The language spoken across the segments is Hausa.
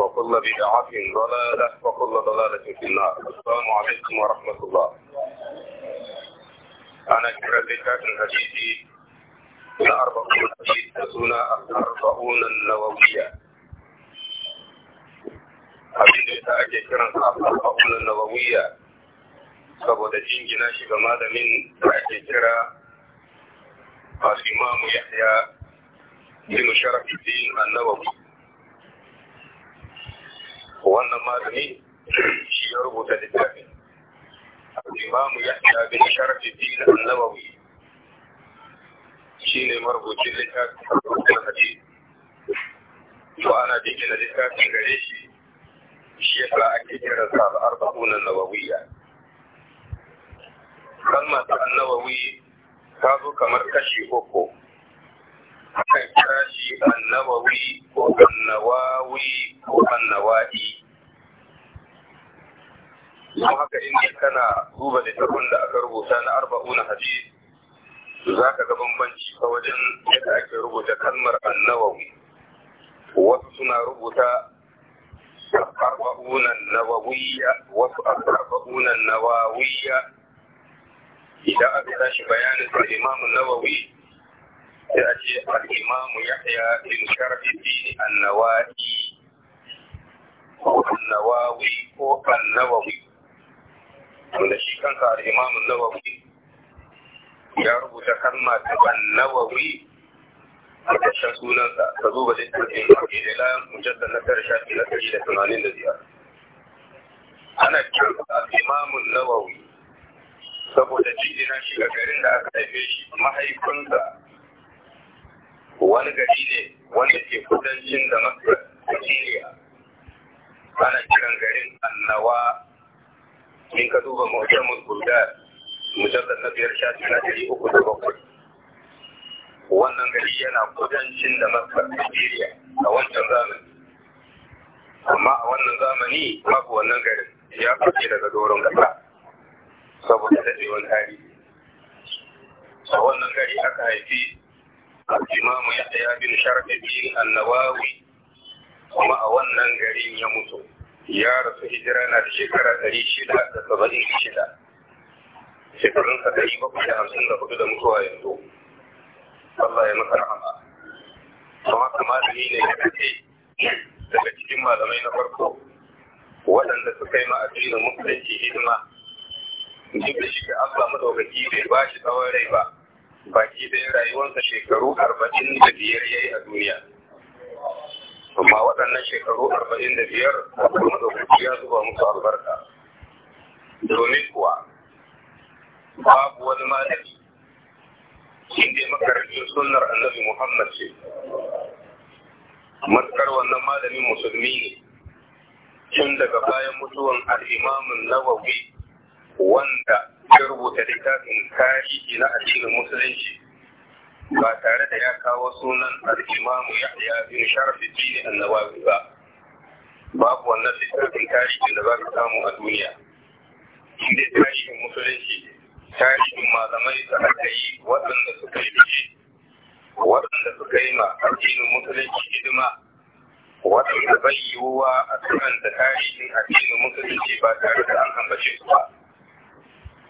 وكل بدعة ضلالة وكل ضلالة في النار السلام عليكم ورحمة الله أنا كبير الذكاء الحديثي الحديث الحديث أسونا الأربعون النووية حديث أتأجي كرن الأربعون النووية سبود الدين جناشي بماذا من أتأجي الإمام يحيى بن شرف الدين النووي wannan malami shi ya rubuta littafin imamu ya ta bin sharafi dina annabawi shi ne marubucin littafin a hadisi to ana jingina littafin gare shi shi ya sa ake kiran sa arba'una nawawiya kalma ta annawawi ta zo kamar kashi uku akan kira shi annawawi ko annawawi ko annawa'i don haka in kana duba littafin da aka rubuta na arba'una hadis za ka ga bambanci ta wajen yadda ake rubuta kalmar annawawi wasu suna rubuta arba'unan nawawiyya wasu arba'unan nawawiyya idan aka tashi bayanin da imamu nawawi sai a ce al'imamu ya haya bin sharfi din annawawi ko annawawi ko annawawi wanda shi kansa imamun imam nawawi ya rubuta kalma ta an-Nawawi a ƙarshen sunansa ka duba da Al-Ila mujallal na karshe na ziyar ana kiransa imamun imam nawawi saboda jidina shi ga garin da aka haife shi mahaifinsa wani gari ne wanda ke kudancin da masu Siriya ana kiran garin annawa in ka duba mu'jamul bulgar mujallar na biyar shafi na ɗari uku da bakwai wannan gari yana kudancin da masar Nigeria a wancan zamani amma a wannan zamani babu wannan garin ya fice daga doron gasa saboda daɗewar hari a wannan gari aka haifi ya الإمام يحيى بن annawawi kuma a wannan garin ya mutu. ya rasu hijira na da shekara ɗari shida da saba'in shida shekarun sa ɗari bakwai da hamsin da hudu da mutuwa yanzu Allah ya masa rahama kuma haka ni ne ya kace daga cikin malamai na farko waɗanda suka yi ma'addinin musulunci hidima duk da shi Allah madaukaki bai ba shi tsawon rai ba baki ɗaya rayuwarsa shekaru arba'in da biyar ya yi a duniya amma waɗannan shekaru arba'in da biyar kuma ɗaukaki ya zuba musu albarka domin kuwa babu wani malami sun je makarantar sunnar annabi muhammad ce matsar wannan malamin musulmi ne tun daga bayan mutuwan al'imamun nawawi wanda ya rubuta littafin tarihi na addinin musulunci ba tare da ya kawo sunan al'imamu yahya bin sharfi dini annawawi ba babu wannan littafin tarihin da za ka samu a duniya inda tarihin musulunci tarihin malamai da aka yi waɗanda suka yi biki waɗanda suka yi ma addinin musulunci hidima waɗanda bai yiwuwa a karanta tarihin addinin musulunci ba tare da an ambace su ba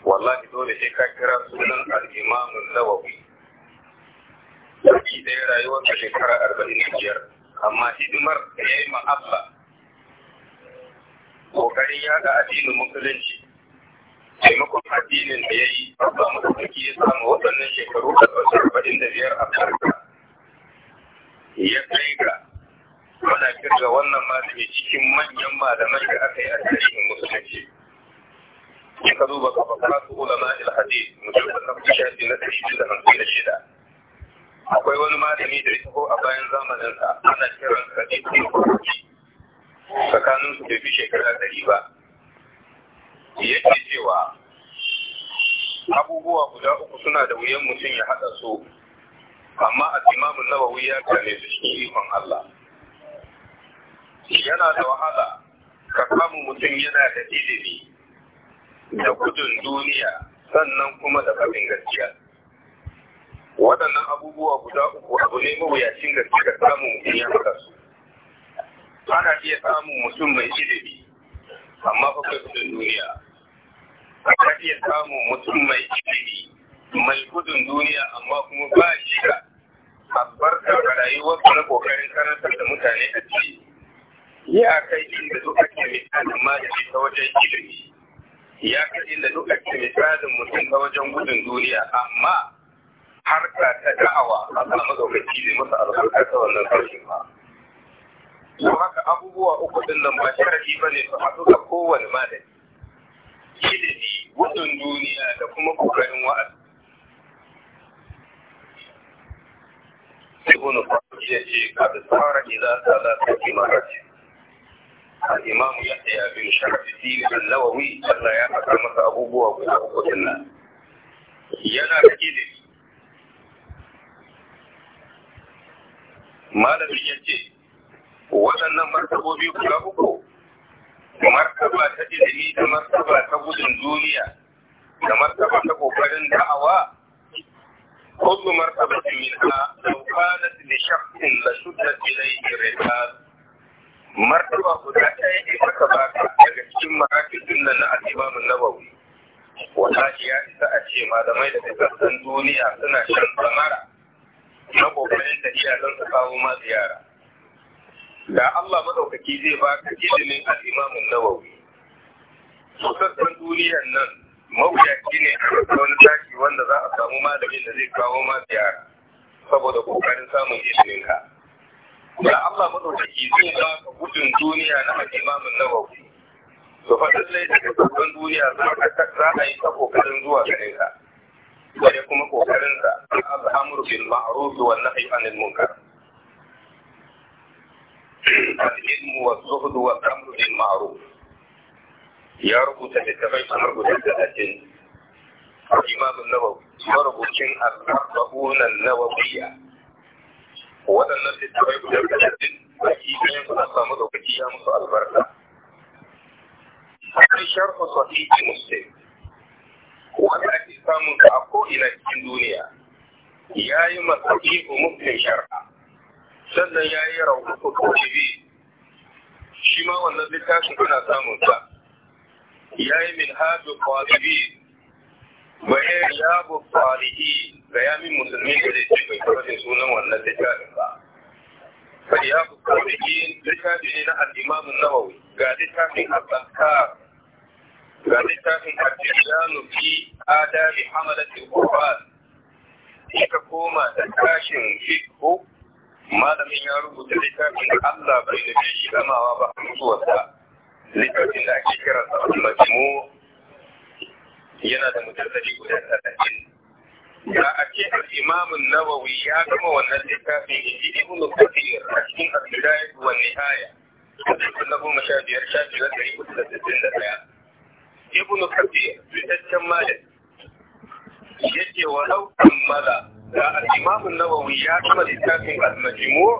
wallahi dole sai ka kira sunan al'imamun nawawi sarki da ya rayuwar da shekara arba'in da biyar amma hidimar da ya yi ma'abba kokarin yada addinin musulunci taimakon addinin da ya yi abba musulunci ya samu waɗannan shekaru da arba'in da biyar a farka ya kai ga muna kirga wannan malami cikin manyan malamai da aka yi a tarihin musulunci in ka duba kafa kasu ulama ilhadis mutum da kafin shafi na ɗari da hamsin da shida akwai wani malami da ya ko a bayan sa ana kiran sa ne tsakanin su bai fi shekara dari ba ce cewa abubuwa guda uku suna da wuyan mutum ya haɗa su amma a na nawawi ya kame su shi ikon Allah yana da wahala ka samu mutum yana da ilimi da gudun duniya sannan kuma da faɗin gaskiya waɗannan abubuwa guda uku abu ne mawuyacin gaske ga samun mutum ya faɗa su ana iya samun mutum mai ilimi amma fa kai gudun duniya ana iya samun mutum mai ilimi mai gudun duniya amma kuma ba shi da albarka ga na kokarin karantar da mutane a ciki ya kai inda duk ake misalin malami ta wajen ilimi ya kai inda duk ake misalin mutum ta wajen gudun duniya amma Har ta da'awa a kan mazaukaci ne masa albarka ta wannan sarkin ba. Don haka abubuwa uku din nan ba sharadi ba ne su haɗu da kowane malami. Ilimi, gudun duniya da kuma ƙoƙarin wa'azi. Ibn Fahmi ya ce, "Kada tsara idan ta za ta kima rashin." الإمام يحيى Allah ya الدين masa abubuwa guda uku أبوه nan. Yana da كده malamin ya ce waɗannan martabobi guda uku martaba ta ilimi da martaba ta gudun duniya da martaba ta ƙoƙarin da'awa kullu martabatin minha na kanat shafin shakhsin la shuddat ilayhi ta. martaba guda ɗaya ne aka baka daga cikin marakitun nan na al-Imam an-Nawawi wallahi ya isa a ce malamai da kasashen duniya suna shan samara na kokarin da don ka kawo ma ziyara da Allah madaukaki zai baka ilimin al-Imamun Nawawi ɗan duniyar nan mawuyaci ne a wani tashi wanda za a samu malamin da zai kawo ma ziyara saboda kokarin samun ilimin ka da Allah madaukaki zai baka gudun duniya na al'imamin Nawawi to fa lallai da sassan duniya za a yi ta kokarin zuwa ganin ka da kuma kokarin sa al'amru bil ma'ruf wa nahyi anil munkar al-ilm wa zuhd wa amru bil ma'ruf ya rubuta littafai kamar guda talatin imam an-nawawi marubucin al-arba'un an-nawawiyya waɗannan littafai guda talatin baki ɗayan su an samu lokaci ya musu albarka akwai sharhu sahihi muslim wanda ake samun ka a ko'ina cikin duniya ya yi matsayi a mutum shari'a sannan ya yi rahoto ko jibi shi ma wannan littafin kuna samun sa ya yi min hajji kwalibi ba ya yabo kwalihi ga yamin musulmi da zai ce bai kwarfe sunan wannan littafin ba ba ya bu kwalihi littafi ne na al'imamun nawawi ga littafin a tsakar. littafin al-Jilal fi adab hamalat al-Qur'an ka koma da kashin fiqh malamin ya rubuta littafin Allah bai da shi gamawa ba mutuwarsa littafin da ake kira sa al-Majmu yana da mujalladi guda 30 da ake al-Imam an-Nawawi ya gama wannan littafin Ibn Kathir a cikin al-Bidayah wa Nihaya. Kullum na goma sha biyar sha biyar ɗari uku da sittin da ɗaya. ibnu kathir fitaccen malami yake wa kammala da al-imam an-nawawi ya kama littafin al-majmu'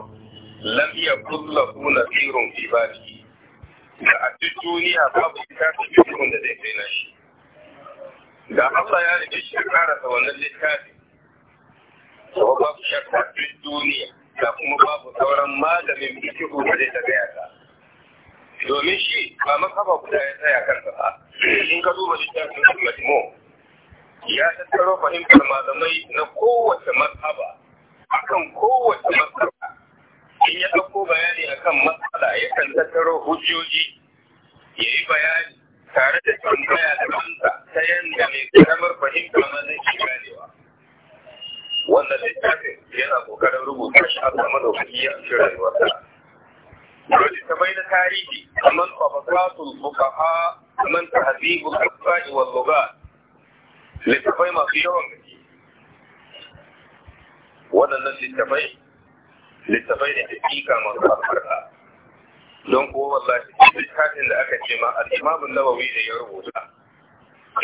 lam yakul lahu nasirun fi bali da a duniya babu littafin da zai kai da ya rike shi wannan littafin to babu shakka duniya da kuma babu sauran malamin fiqhu da zai domin shi ba makaba guda ya tsaya kansa ba in ka duba littafin al-majmu ya tattaro fahimtar malamai na kowace mazhaba akan kowace mazhaba in ya ɗauko bayani akan matsala yakan tattaro hujjoji ya yi bayani tare da tambaya da amsa ta yadda mai karamar fahimta ma zai ci ganewa wannan littafin yana kokarin rubuta shi a sama da ya fi rayuwarsa والتمين تاريخي ومن طبقات الفقهاء ومن تهذيب الأسماء واللغات لتفهم فيهم waɗannan littafai littafai da hakika masu albarka don kuwa wallahi littafin da aka ce ma al'imamun nawawi da ya rubuta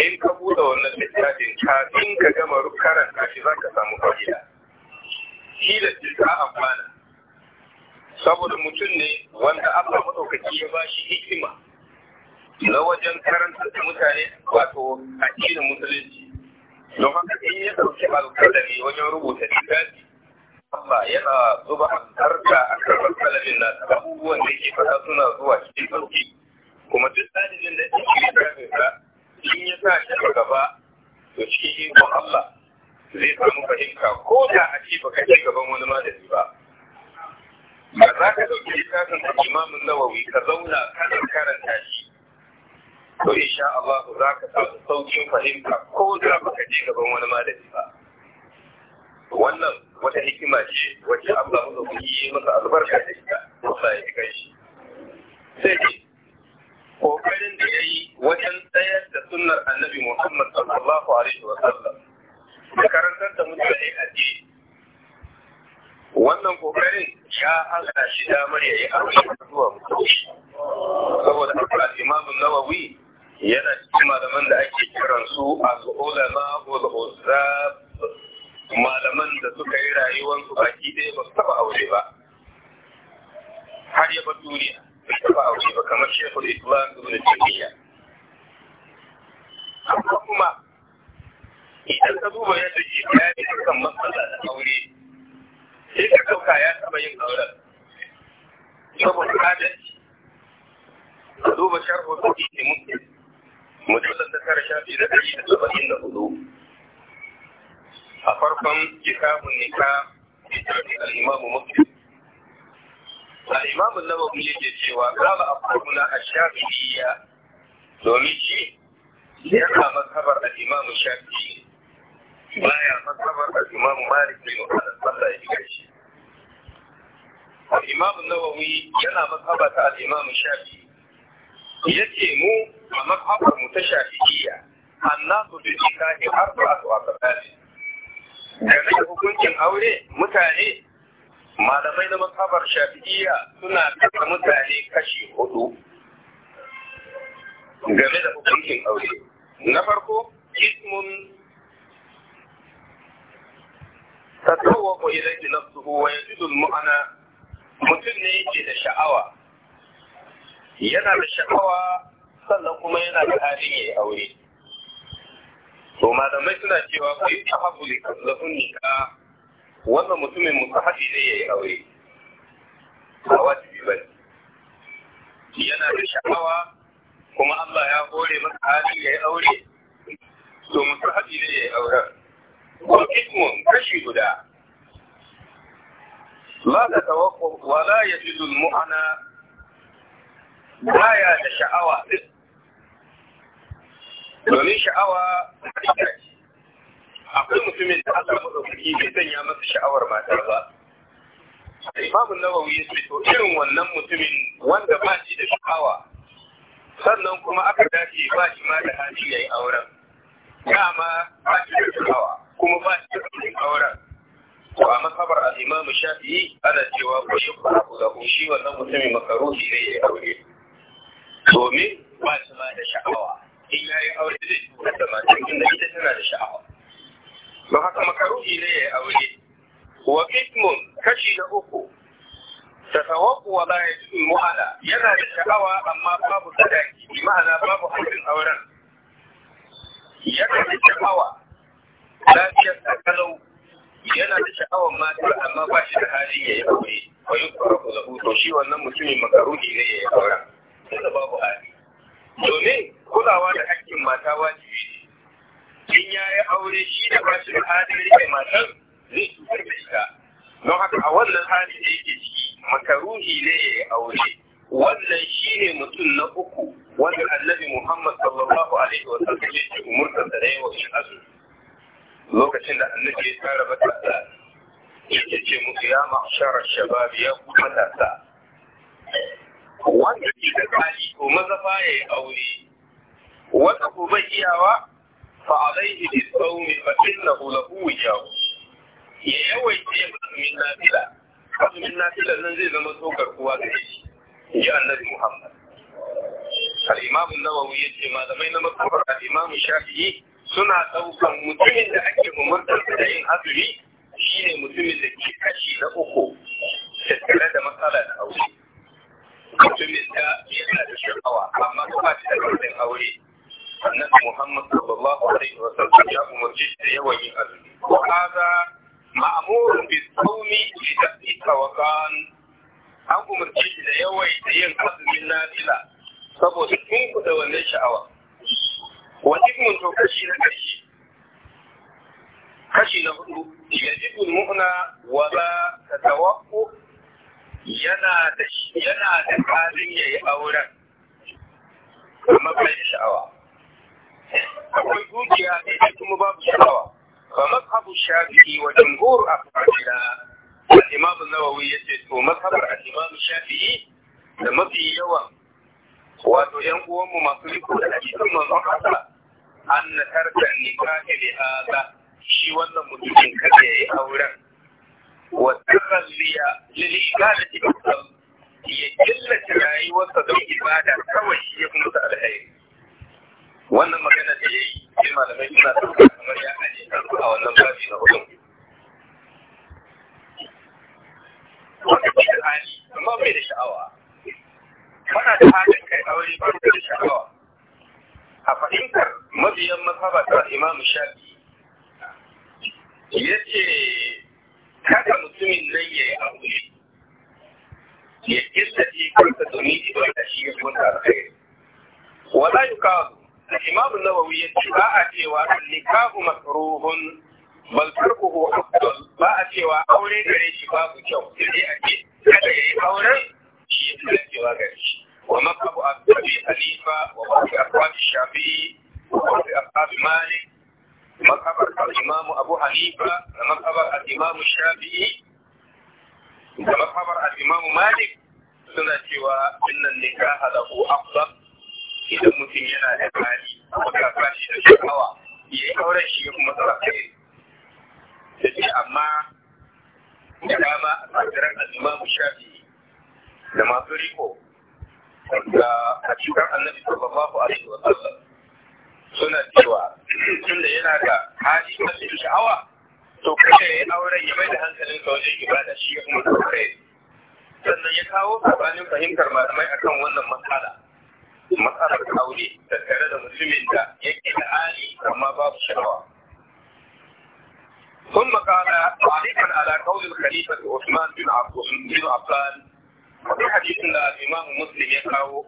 in ka buɗe wannan littafin kafin ka gama karanta shi za ka samu fa'ida shi da shi ta amfana saboda mutum ne wanda Allah maɗaukaki ya ba shi hikima na wajen karanta da mutane wato cikin musulunci don haka in ya ɗauki alƙalami wajen rubuta littafi Allah yana zuba alƙarta a kan alƙalamin na abubuwan da ke faɗa suna zuwa cikin sauƙi kuma duk ɗalibin da ke littafin sa in ya sa shi gaba to cikin ikon Allah zai samu fahimta ko da a ce baka ke gaban wani malami ba ba za ka ɗauki littafin da imamun nawawi ka zauna kana karanta shi to insha Allah za ka samu saukin fahimta ko da baka je gaban wani malami ba wannan wata hikima ce wacce Allah mu dauki yi masa albarka da ita Allah ya kai shi sai ce kokarin da yayi wajen tsayar da sunnar Annabi Muhammad sallallahu alaihi wa sallam da karantar da mutane addini wannan kokarin ya hana shi damar ya yi aure zuwa mutum saboda haka imamu nawawi yana cikin malaman da ake kiran su al-ulama ul malaman da suka yi rayuwar su baki ɗaya ba su taɓa aure ba har ya bar duniya ba su taɓa aure ba kamar shekul islam ibn taymiya amma kuma idan ka duba yadda ke da kan matsala da aure sai ka ɗauka ya taɓa yin auren saboda adalci Ka duba sharhu da ke mutum mujallar da tara shafi da ɗari da saba'in da hudu a farkon kitabun nika kitabun al'imamu muslim nawa nawawi yake cewa kala abubuwa a shafi shafi'iyya domin shi yana kama kabar al'imamu shafi'i baya mazhabar al-Imam Malik bin Anas Allah ya ji shi al-Imam Nawawi yana mazhaba ta al-Imam Shafi'i yace mu a mazhabar mu ta Shafi'iyya annasu bi nikahi arba'atu aqdal game da hukuncin aure mutane malamai na mazhabar Shafi'iyya suna kasa mutane kashi hudu game da hukuncin aure na farko ismun tatawwaqu ilayhi nafsuhu wa yajidu al-mu'ana mutum ne yake da sha'awa yana da sha'awa sannan kuma yana da halin yayi aure to malamai suna cewa ko fa yusahabu li lahun nikah wannan mutumin musahabi ne yayi aure ba wajibi ba yana da sha'awa kuma Allah ya hore masa hali yayi aure to musahabi ne yayi aure wa ismun kashi guda la ta tawaqqu wa la yajidu al-mu'ana baya da sha'awa domin sha'awa akwai mutumin da aka maɗaukaki bai sanya masa sha'awar matar ba imamu nawawi ya ce to irin wannan mutumin wanda ba shi da sha'awa sannan kuma aka dace ba shi ma da hali ya yi auren dama ba shi da sha'awa kuma ba shi cikin auren ko a masabar mu imamu shafi'i ana cewa ko shi ba ku ga shi wannan mutumin makaruhi ne ya aure domin ba shi ma da sha'awa in ya yi aure zai tura da matan inda ita tana da sha'awa don haka makaruhi ne ya aure wa kismun kashi na uku tatawaqu wa la yajidu muhala yana da sha'awa amma babu sadaki ma'ana babu hakin auren yana da sha'awa lafiyar sa kalau yana da sha'awar matar amma ba shi da halin ya yi aure ko yin kwarafu da hutu shi wannan mutumin makaruni ne ya yi auren tunda babu hali domin kulawa da hakkin mata wajibi ne in ya yi aure shi da ba shi da halin rike matar zai cutar da ita don haka a wannan hali da yake ciki makaruhi ne ya yi aure wannan shi ne mutum na uku wanda annabi muhammad sallallahu alaihi wa sallam ya ce umurta da yawa shi azumi lokacin da annabi ya tsara matasa yake ce musu ya ma'ashara shabab ya ku matasa wanda ke da tsari ko maza ya yi aure wanda ko bai iyawa fa alaihi bi sawmi fa innahu lahu yawu ya yawaita ya azumin nafila azumin nafila nan zai zama sokar kuwa gare shi ya annabi muhammad al-imam an-nawawi yace malamai na masabar al-imam shafi'i suna ɗaukan mutumin da ake umartar da yin azumi shi ne mutumin da ke kashi na uku tattare da matsala da aure mutumin da yana da sha'awa amma kuma shi da ɗaukan aure annabi muhammad sallallahu alaihi wa sallam ya umarci da yawan yin azumi wa hada ma'murun bi sawmi li tasdiqa wa an umarci da yawan yin azumin nafila saboda da wannan sha'awa alhukmun kashi na karshe kashi na hudu yajibu mu'na wa ba tatawaqu yana da yana da kalin yayi auren amma bai da sha'awa akwai dukiya ne kuma babu sha'awa fa mazhabu shafi'i wa jumhur afradila al-imam an-nawawi yace to mazhabar al-imam shafi'i da mafi yawan wato yan uwan mu masu riko da hadisin manzon Allah an na tarka nikahi da hada shi wannan mutumin kada yayi auren wa tsalliya lil ibadati ya killace rayuwarsa don ibada kawai shi ya kuma alheri wannan magana da ya yi sai malamai suna ɗauka kamar ya aje a wannan babi na hudu wanda ke da hali amma bai da sha'awa kana da halin kai aure ba da sha'awa a fahimtar mabiyan mazhaba ta Imam Shafi yace kada mutumin nan yi aure ya killace kansa domin ibada shi ya da alkhairi wala ya ce ba a cewa النكاح مكروه bal tarkuhu afdal ba a cewa aure gare shi babu kyau sai a ce kada yi aure shi ya fi cewa gare shi ومذهب أبي حنيفة وبعض أصحاب الشافعي وبعض أصحاب مالك مذهب الإمام أبو حنيفة ومذهب الإمام الشافعي ومذهب الإمام مالك suna cewa innan nikaha lahu afdal idan mutum yana da hali wanda ba shi da kuma da amma da dama a tsakarar al Shafi'i da masu riko da hadisan annabi sallallahu alaihi wa sallam suna cewa tunda yana da hali na sha'awa to kada ya auren ya mai da hankalin sa wajen ibada shi ya kuma kai sannan ya kawo sabanin fahimtar malamai akan wannan matsala matsalar aure tattare da mutumin da yake da hali amma babu sha'awa ثم قال تعليقا على قول الخليفة عثمان بن عفان Wani hadisin da imamu muslim ya kawo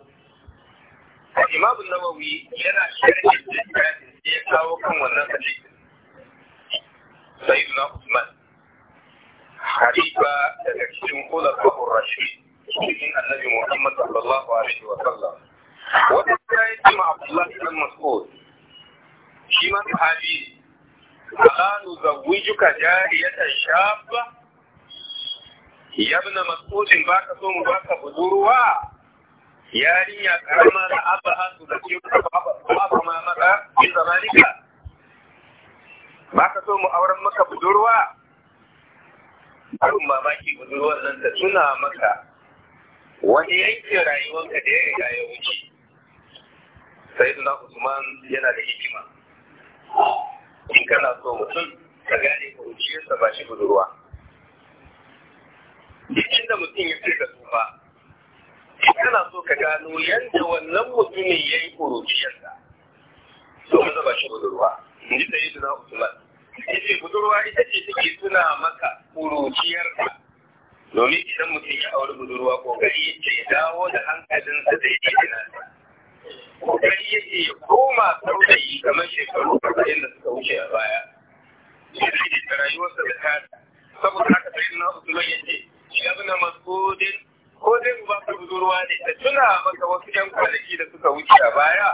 imamu nawawi yana sharhin littafin sai ya kawo kan wannan hadisin sai na usman halifa daga cikin kula kafin rashid cikin annabi muhammad sallallahu alaihi wa sallam wata ta yi cima abdullahi dan mas'ud shi ma sahabi ne ala nuzawwijuka jariyatan shafa. Yabna bi na matsocin ba ka so mu ba ka budurwa yarinya karama da abba hasu da ke ba ma maka in zamanika ba ka so mu auren maka budurwa Harin mamaki budurwar nan ta tuna maka wani rayuwar rayuwarka da ya riga ya wuce. Sai suna Usman yana da hikima. In kana so mutum ka gane kuruciyarsa ba shi budurwa. duk inda mutum ya kai da tsufa kana so ka gano yadda wannan mutumin ya yi ƙuruciyarsa so ka zaba shi budurwa in ji sai da Usman ce budurwa ita ce take tuna maka ƙuruciyarka domin idan mutum ya auri budurwa kokari yake ya dawo da hankalinsa da yake tunansa kokari yake ya koma saurayi kamar shekaru arba'in da suka wuce a baya ya ta rayuwarsa da kata saboda haka sai na Usman ce. ibn Mas'ud ko dai mu baka budurwa ne ta tuna maka wasu yan kwanaki da suka wuce a baya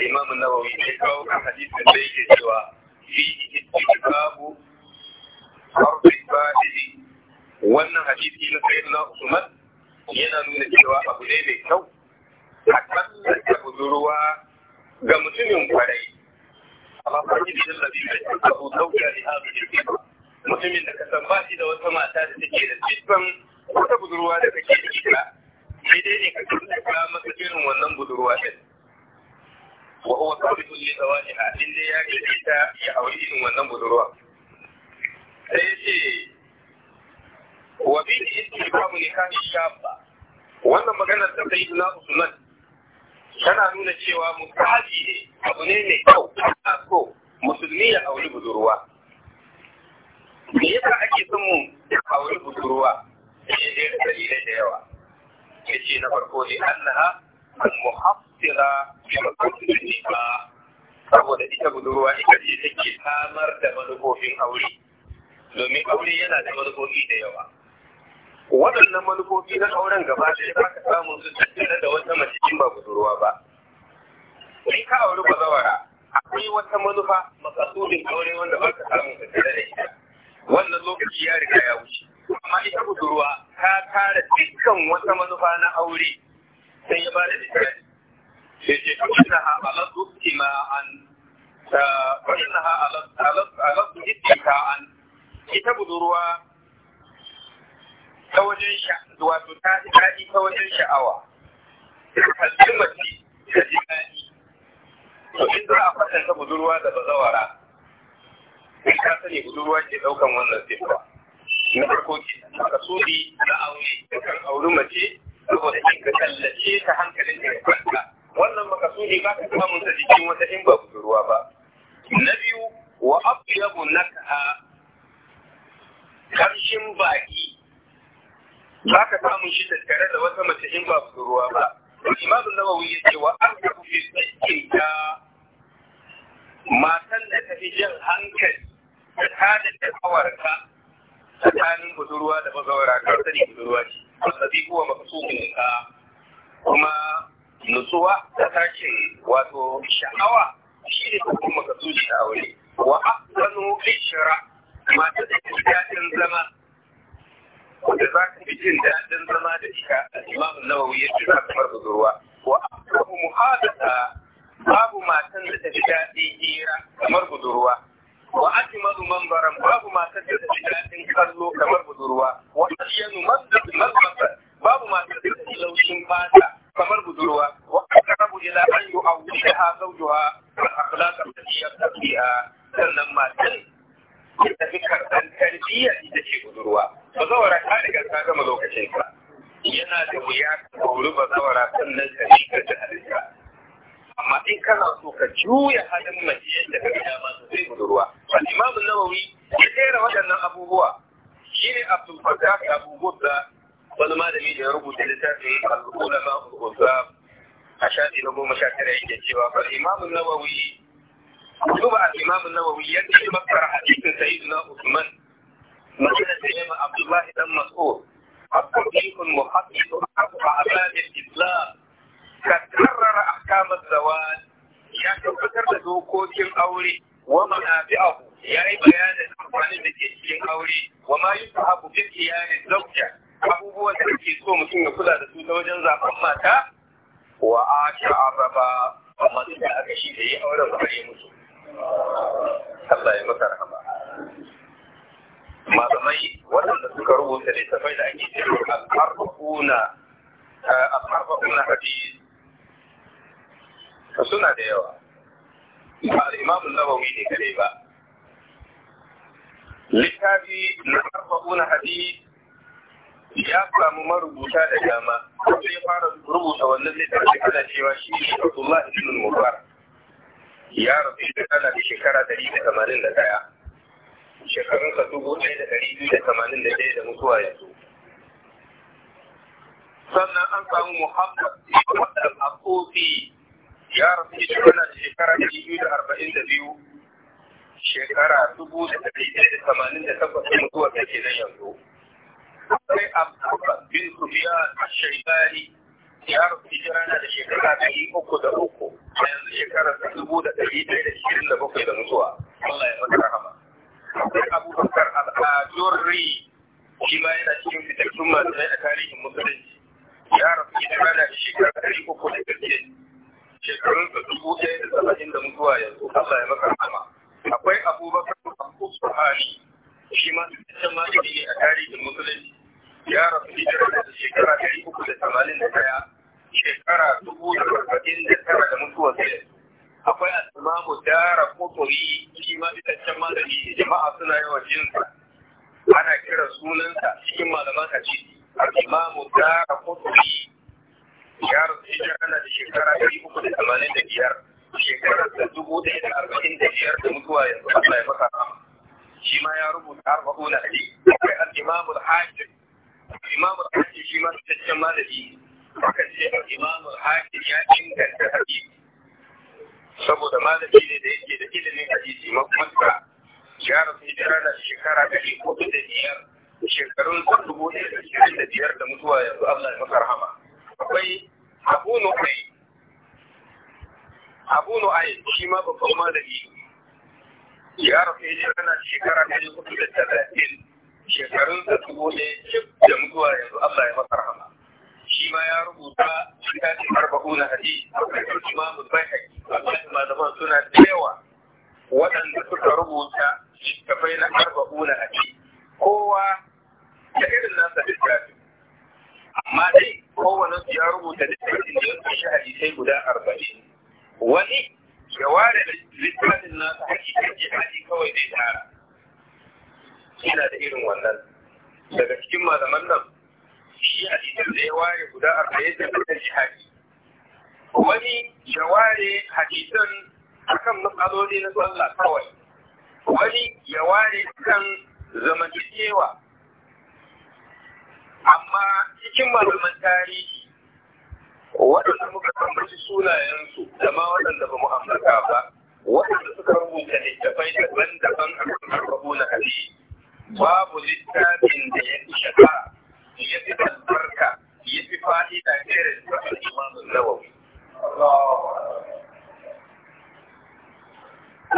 Imam Nawawi ya kawo kan hadisin da yake cewa fi babu harfi fa'ili wannan hadisi na sayyidina Usman yana nuna cewa abu ne mai kyau a ta budurwa ga mutumin kwarai amma fa idan labi ya tsawo dauka ne a cikin mutumin da ka san ba shi da wata mata da take da cikin wata budurwa da take da ita sai dai ne ka tuntuka masa irin wannan budurwa din wa huwa sabitu li zawajiha inda ya gaji ta ya aure irin wannan budurwa sai ya ce wa bi ne kan shabba wannan maganar ta kai na usman tana nuna cewa misali ne abu ne mai kyau ko so musulmi ya auri budurwa me yasa ake son mu aure budurwa sai eh, da dalilai da yawa Ya yace na farko ne annaha al ya fi da qurani saboda ita budurwa ita ce take samar da manufofin aure domin aure yana da manufofi da yawa waɗannan manufofi na auren gaba da ya baka samu su tattara da wata mace cikin ba budurwa ba in ka auri bazawara akwai wata manufa makasudin aure wanda ka samu tattare da ita wannan lokaci ya riga ya wuce amma ita budurwa ta tara dukkan wata manufa na aure sai ya bada misali sai ce innaha aladu ima'an fa innaha aladu ittika'an ita budurwa ta wajen sha'awa, wato ta daɗi ta wajen sha'awa kalmar ce ta ji daɗi to in za a kwatanta budurwa da bazawara sai ka sani budurwa ke ɗaukan wannan sifa na farko ke kasudi na aure da kan auri mace saboda in ka tallace ta hankalin da ya kwanta wannan makasudi ba ka samun ta jikin wata in ba budurwa ba na biyu wa abu naka karshen baki ba ka samun shi tattare da wata mace in ba budurwa ba imamu nawawi ya ce wa an ka fi tsakin ta matan da ta fi jan hankali da tanin da kawarka tsakanin budurwa da mazawara kan sani budurwa ce wasabi kuwa makasumin ka kuma nutsuwa ta tashi wato sha'awa shi ne kuma makasudi da aure wa ahsanu ishra mata da ke daɗin zama wanda za ka fi jin daɗin zama da ita imam nawawi ya ce za ka farko wa ahsanu muhadatha babu matan da ta fi daɗi hira kamar budurwa wa ajmalu manzaran babu matar da take daɗin kallo kamar budurwa wa asyanu mazhaban babu matar da take laushin fata kamar budurwa wa aqrabu ila an yu'awwidaha zawjuha wal akhlaq allati yartaqiha sannan matan ta tafi karɓar tarbiyya ita ce budurwa ba zawara ta riga ta gama lokacinsa yana da wuya ka kauri ba zawara sannan ka rika ta halitta amma in kana so ka juya halin mace yadda ka gida ma zai budurwa al-imam an-nawawi ya tsere waɗannan abubuwa Shi ne abdul fattah abu gudda wani malami da ya rubuta littafin al-ulama al-gudda a shafi na goma sha tara yake cewa al-imam an-nawawi duba al-imam an-nawawi yadda ya makara hadisin sayyidina usman magana da yamma abdullahi dan mas'ud التطبيق المحدث أربع أباب الإسلام kan karrara ahkamar zawal ya tabbatar da dokokin aure wa manafi'ahu ya yi bayanin amfanin da ke cikin aure wa ma da ake so mutum ya kula da su ta wajen zaben mata wa a araba amma duk da aka shi da yi auren ba a yi musu Allah ya maka rahama malamai waɗanda suka rubuta littafai da ake cewa al-arba'una al-arba'una hadith suna da yawa ba imamu nabawi ne kare ba littafi na arba'una hadith ya samu marubuta da dama kuma ya fara rubuta wannan littafi ana cewa shi ne Abdullah ibn Mubarak ya rasu da kana da shekara 181 shekarun sa dubu ɗaya da dari biyu da tamanin da ɗaya da mutuwa yanzu sannan an samu Muhammad ibn Abdul Aqufi ya rasu hijirana da shekara ɗari biyu da arba'in da biyu shekara dubu da ɗari ɗaya da tamanin da takwas da mutuwa da ke nan yanzu. Sai Abubakar bin Sufiya a Shaibari ya rasu hijirana da shekara ɗari uku da uku a yanzu shekara ta dubu da ɗari ɗaya da ishirin da bakwai da mutuwa. Allah ya masa rahama. Sai Abubakar al-Ajurri shi ma yana cikin fitattun masu a tarihin musulunci. Ya rasu hijirana da shekara ɗari uku da ɗari Shekarun da dubu ɗaya da saba'in da mutuwa yanzu Allah ya maka rahama akwai abubakar abu buhari shi ma cikakken magani ne a tarihin musulunci ya rasu hijira da shekara ɗari uku da tamanin da ɗaya shekara dubu da arba'in da tara da mutuwa sai akwai al'imamu dara kotori shi ma cikakken magani jama'a suna yawan jinsa ana kira sunansa cikin malaman hadisi al'imamu dara kotori ya rasu hijira tana da shekara ɗari uku da tamanin da biyar shekarar da dubu ɗaya da arba'in da biyar da mutuwa yanzu Allah ya masa shi ma ya rubuta arba'una ali akwai al-imamul hajji imamul hajji shi ma cikakken malami aka ce al-imamul hajji ya inganta hadisi saboda malami ne da yake da ilimin hadisi makwanta ya rasu hijira da shekara ɗari uku da biyar shekarun dubu ɗaya da biyar da mutuwa yanzu Allah ya masa rahama akwai abunu ai abunu ai shi ma da yi ya rufe ne kana shekara ta hudu da talatin shekarun da su ne da mutuwa yanzu Allah ya masa rahama shi ma ya rubuta littafin arba'una hadisi ma imamu bai haƙi wallahi malaman suna da yawa waɗanda suka rubuta littafai na arba'una hadisi kowa da irin nasa littafin amma dai kowane su ya rubuta littafin da ya kunshi hadisai guda arba'in wani ya ware littafin na hakikan jihadi kawai zai tara ina da irin wannan daga cikin malaman nan shi hadisan da ya ware guda arba'in da kusan jihadi wani ya ware hadisan akan matsaloli na Allah kawai wani ya ware kan zamantakewa amma cikin malaman tarihi waɗanda muka tambaci sunayensu da ma waɗanda ba mu ambata ba waɗanda suka rubuta littafai daban-daban a kan arbabu na hadisi babu littafin da ya fi shaka ya fi albarka ya fi fa'ida irin ta al-Imam an-Nawawi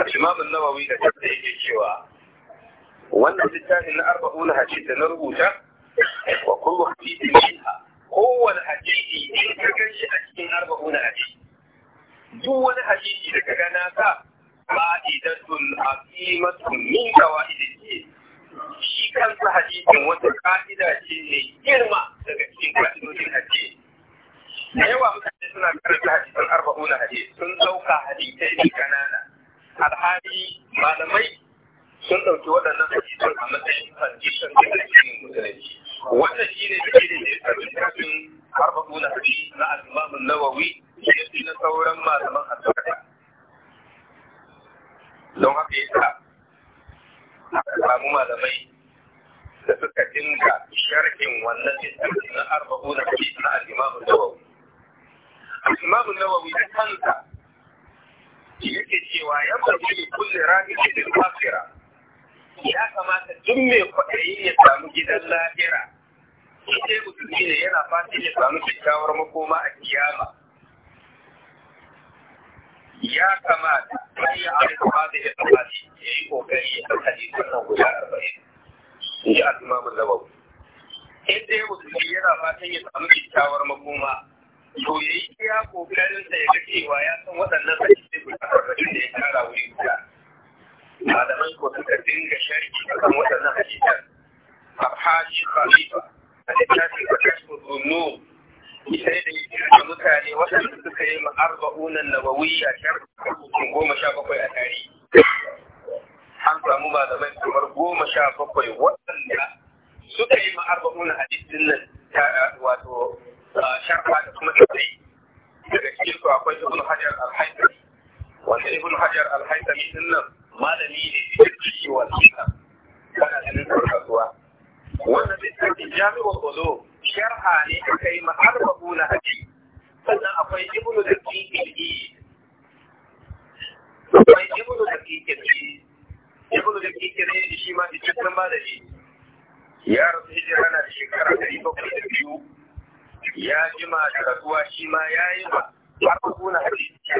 al nawawi da kanta yake cewa wannan littafin na arba'u na hadisi da na rubuta wa kullu hadithin minha kowane hadisi in ka gan a cikin arba'una hadisi duk wani hadisi da kaga na sa qa'idatul aqimatu min qawaidid shi kansa hadisin wata ka'ida ne girma daga cikin ka'idodin hadisi da yawa mutane suna karanta hadisan arba'una hadisi sun dauka hadisai kanana alhali malamai sun ɗauki waɗannan hadisan a matsayin fandishan da ake yin musulunci wannan shi ne suke da ke karfin kafin harfafu na hadisi na al'imamun nawawi shi na sauran malaman asarka don haka ya sa aka samu malamai da suka dinga sharhin wannan littafi na arba'u na hadisi na al'imamun nawawi al'imamun nawawi da kansa yake cewa yamma mace kulle rafi da fasira ya kamata duk mai kwaɗayi ya samu gidan lahira shi dai musulmi ne yana fatan ya samu kyakkyawar makoma a kiyama ya kamata sai ya ake kuma da ya shi ya yi kokari ya san hadisan nan guda arba'in in ji al'imamun nabawi in dai musulmi yana fatan ya samu kyakkyawar makoma to ya yi iya sa ya ga cewa ya san waɗannan hadisai guda arba'in da ya tara wuri guda malamai ko suka dinga sharki akan waɗannan hadisan alhaji khalifa a littafin da kashfu zunnu sai da yake mutane waɗanda suka yi na ma'arba'unan nawawiyya sharkin goma sha bakwai a tarihi an samu malamai kamar goma sha bakwai waɗanda suka yi ma'arba'unan hadisin nan wato sharfa da kuma tsaye daga cikin su akwai ibn hajar al-haitami wanda ibn hajar al-haitami din nan malami ne da ke yi wa fika kana cikin kasuwa wannan littafin jami'ul ulum sharha ne aka yi ma'arbabu na haji sannan akwai ibnu da kiki akwai ibnu da kiki ibnu da kiki ne shi ma cikin malami ya rasu hijira na shekara bakwai da biyu. ya jima da rasuwa shi ma ya yi ma har kuna hadisi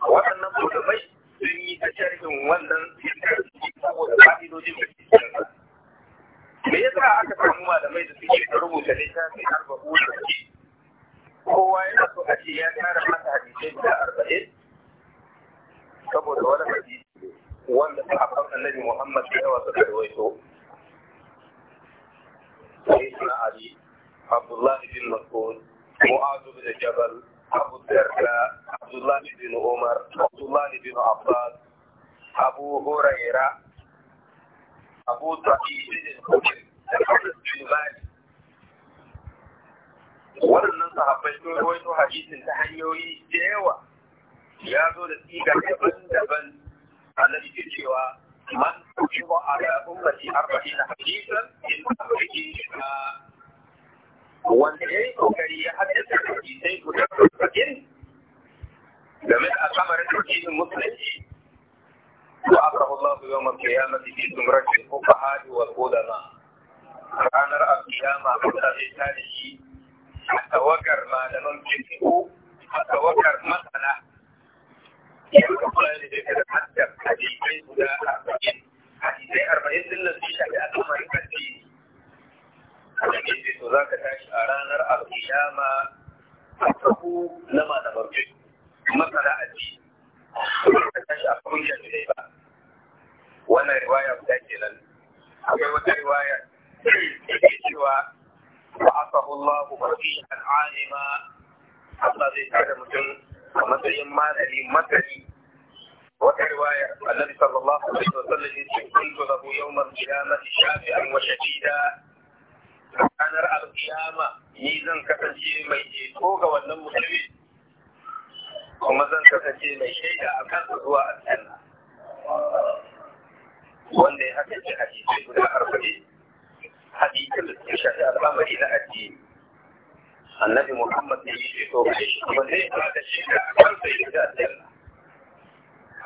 waɗannan mutumai sun yi ta sharhin wannan yankar suke saboda fa'idojin da ke cikin me yasa aka samu malamai da suke da rubuta littafi arba'u da ke kowa yana so a ce ya tara masa hadisai guda arba'in saboda wani hadisi wanda sahabban annabi Muhammad da yawa suka rawaito Sayyidina Ali Abdullahi bin Mas'ud Mu'adh da Jabal abu الدرداء عبد الله بن عمر عبد الله بن عباس أبو هريرة أبو سعيد da أنس بن مالك waɗannan sahabbai sun rawaito hadisin ta hanyoyi da yawa ya zo da tsiga daban-daban nan ke cewa man tujibu ala ummati arba'ina hadisan in ta wanda ya yi kokari ya haddasa hadisai guda saba'in game da al'amarin addinin musulunci wa akrahu Allah yawm al-qiyamati fi zumratil fuqaha wal ulama ranar al-qiyama Allah zai tare shi a tawagar malaman fiqh a tawagar masana Yau ya kuma da daga haddasa hadisai guda saba'in hadisai arba'in din nan shi da al'amarin addini da ke ce to tashi a ranar alƙiyama a tabu na ka tashi a kunshin da ba wannan riwaya guda kenan akwai wata riwaya cewa Allah riwaya ranar alkiyama ni zan kasance mai ceto ga wannan mutumin kuma zan kasance mai shaida a kan zuwa aljanna wanda ya haka ce hadisai guda arba'in hadisin da suka shafi al'amari na addini annabi muhammad ne ya ceto ga shi kuma zai shi da shaida a kan sai da aljanna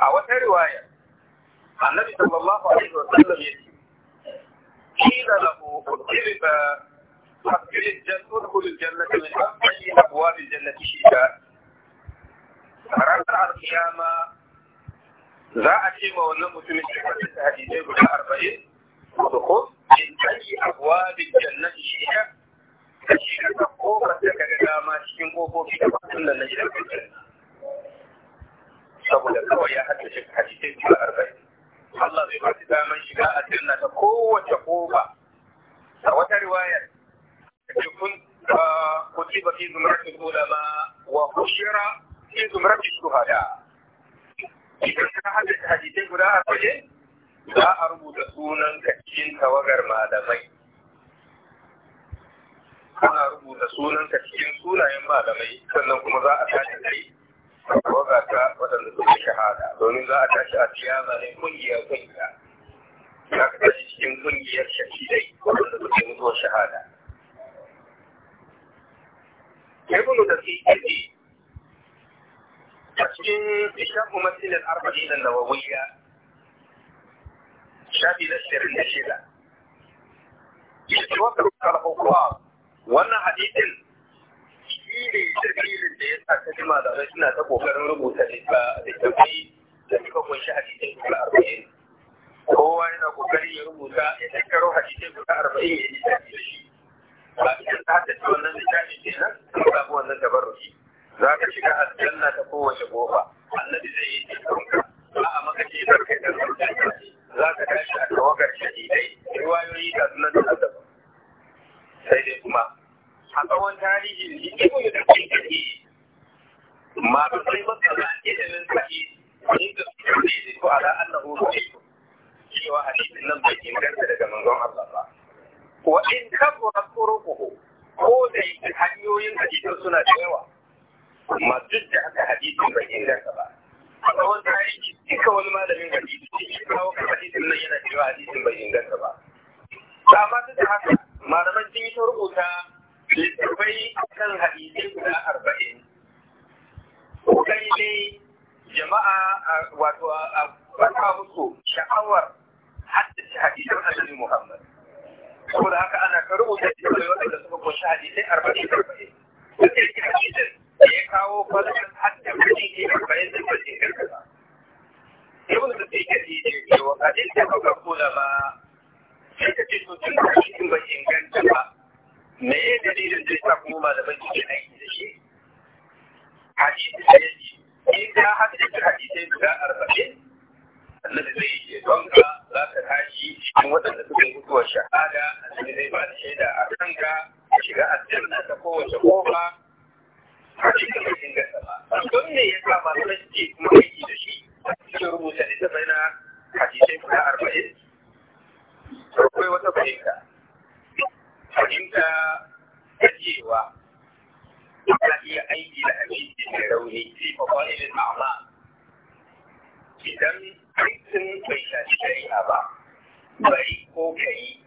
a wata riwaya annabi sallallahu alaihi wa sallam ya ce قيل له اضرب فاقبل الجنة ادخل الجنة من أي أبواب الجنة شئت ranar alkiyama za a ce ma wannan mutumin da ya da hadisai guda arba'in da ko in ayi abwabin jannati shi'a da shi ka kofar da dama cikin kofofi da batun nan na gidan saboda kawai ya haddace hadisai guda arba'in Allah zai ba shi daman shiga aljanna ta kowace kofa a wata riwayar kun uh, kutiba fi zumratil ulama wa hushira fi zumratil shuhada idan ka hada hadisai guda a kaje za a rubuta sunan ka cikin tawagar malamai Kuna rubuta sunan ka cikin sunayen malamai sannan kuma za a tashi kai tawaga ta waɗanda suka shahada domin za a tashi a tiyama ne kungiya kungiya za ka tashi cikin kungiyar shahidai waɗanda suke mutuwar shahada ibn da fi kaji a cikin ishaku masilin arba'in da nawawiya shafi na shirin da shida ya ce wata rukar hukuwa wannan hadisin shi da dalilin da ya sa ta ji malamai suna ta kokarin rubuta da littattafai da da suka kunshi hadisai guda arba'in kowa yana kokarin ya rubuta ya tattaro hadisai guda arba'in ya yi tafi da shi ba idan ta haddace wannan littafi kenan sun samu wannan tabarruki za ka shiga aljanna ta kowace kofa annabi zai yi ta tattaruka ba a maka ce barkai da za ka tashi a tawagar shahidai riwayoyi da sunan da sai dai kuma a tsawon tarihi ne ke kuma da kai kai masu sai masa da ilimin sahi ne da suke ne ko ala annahu ruwaitu cewa hadisin nan bai inganta daga manzon Allah ba wa in kabura turuquhu ko da yake hanyoyin hadisin suna da yawa amma duk da aka hadisin bai inganta ba a tsawon tarihi duka wani malamin hadisi shi kawo kan hadisin nan yana cewa hadisin bai inganta ba amma duk da haka malaman sun yi ta rubuta Littattafai kan hadisai guda arba'in kai dai jama'a wato a farka musu sha'awar haddace hadisan annabi Muhammad saboda haka ana ta rubuta littafai waɗanda suka kunshi hadisai arba'in arba'in da ke hadisan ya kawo falakan haddace hadisai arba'in da ba ke karkata yawan da sai kaji ne cewa hadisai ba ka kula ba sai ka ce to tun da hadisin bai inganta ba me ya dalilin da ya kuma malaman suke aiki da shi hadisi da yake in ka hadisi hadisai guda arba'in annabi zai yi ka za ka tashi cikin waɗanda suke mutuwar shahada annabi zai ba da shaida a kanka ka shiga aljanna ta kowace kofa hadisin da kin gasa ba don me ya sa malaman suke kuma aiki da shi cikin rubuta ta na hadisai guda arba'in akwai wata fahimta fahimta da cewa ana iya aiki da abinci mai rauni fi mafa'ilin ma'ama idan aikin bai shafi shari'a ba bai ko kai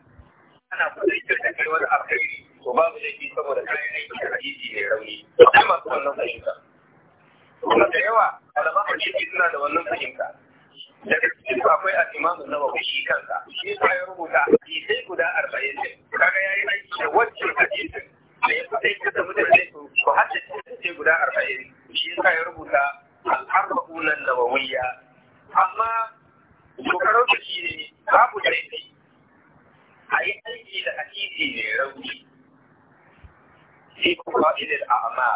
ana kusantar da kai wani alkhairi to babu laifi saboda kayan aiki da abinci mai rauni to kai masu wannan fahimta kuma da yawa malaman hadisi suna da wannan fahimta daga cikin akwai al'imamu na babu shi kansa shi ma ya rubuta hadisai guda arba'in ne kaga ya yi aiki da wacce hadisin da ya fita ita da mutane su haddace hadisai guda arba'in shi yasa ya rubuta nan da nawawiyya amma shekarun da shi ne babu laifi a yi aiki da hadisi mai rauni sai kuma ilil a'ama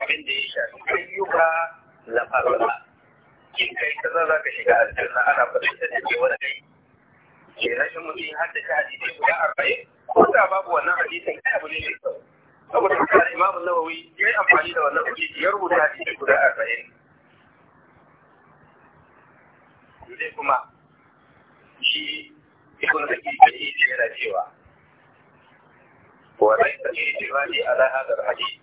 abin da ya shafi ayyuka na farla in kai kaza za ka shiga aljanna ana faɗin ta ce wani kai ke rashin mutum har da ta hadisi guda arba'in ko da babu wannan hadisin kai abu ne mai kyau saboda haka imamu nawawi ya yi amfani da wannan hadisi ya rubuta hadisi guda arba'in sai kuma shi da ke da yi yana cewa wa laysa li ijmali ala hadha al-hadith